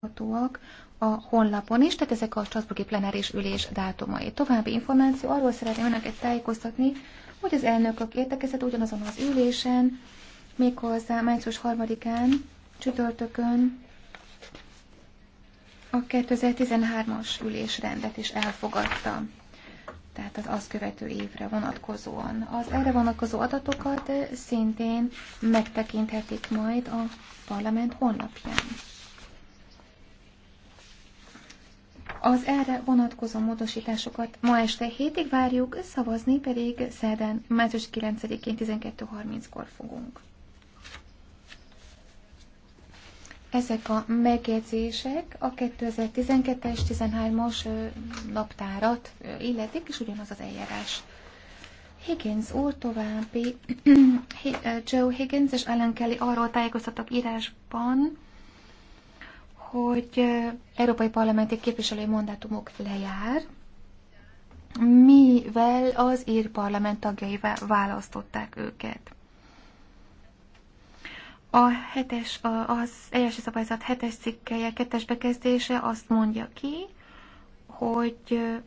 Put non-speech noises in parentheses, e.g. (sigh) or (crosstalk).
találhatóak a honlapon is, tehát ezek a Strasburgi plenáris ülés dátumai. További információ, arról szeretném önöket tájékoztatni, hogy az elnökök értekezett ugyanazon az ülésen, méghozzá március 3-án, csütörtökön a 2013-as ülésrendet is elfogadta tehát az azt követő évre vonatkozóan. Az erre vonatkozó adatokat szintén megtekinthetik majd a parlament honlapján. Az erre vonatkozó módosításokat ma este hétig várjuk, szavazni pedig szerdán március 9-én 12.30-kor fogunk. Ezek a megjegyzések a 2012-es, 13-as naptárat illetik, és ugyanaz az eljárás. Higgins úr további, (clears throat) Joe Higgins és Ellen Kelly arról tájékoztattak írásban, hogy európai parlamenti képviselői mandátumok lejár, mivel az ír parlament tagjai választották őket. A hetes, az eljárási szabályzat hetes cikkelye, kettes bekezdése azt mondja ki, hogy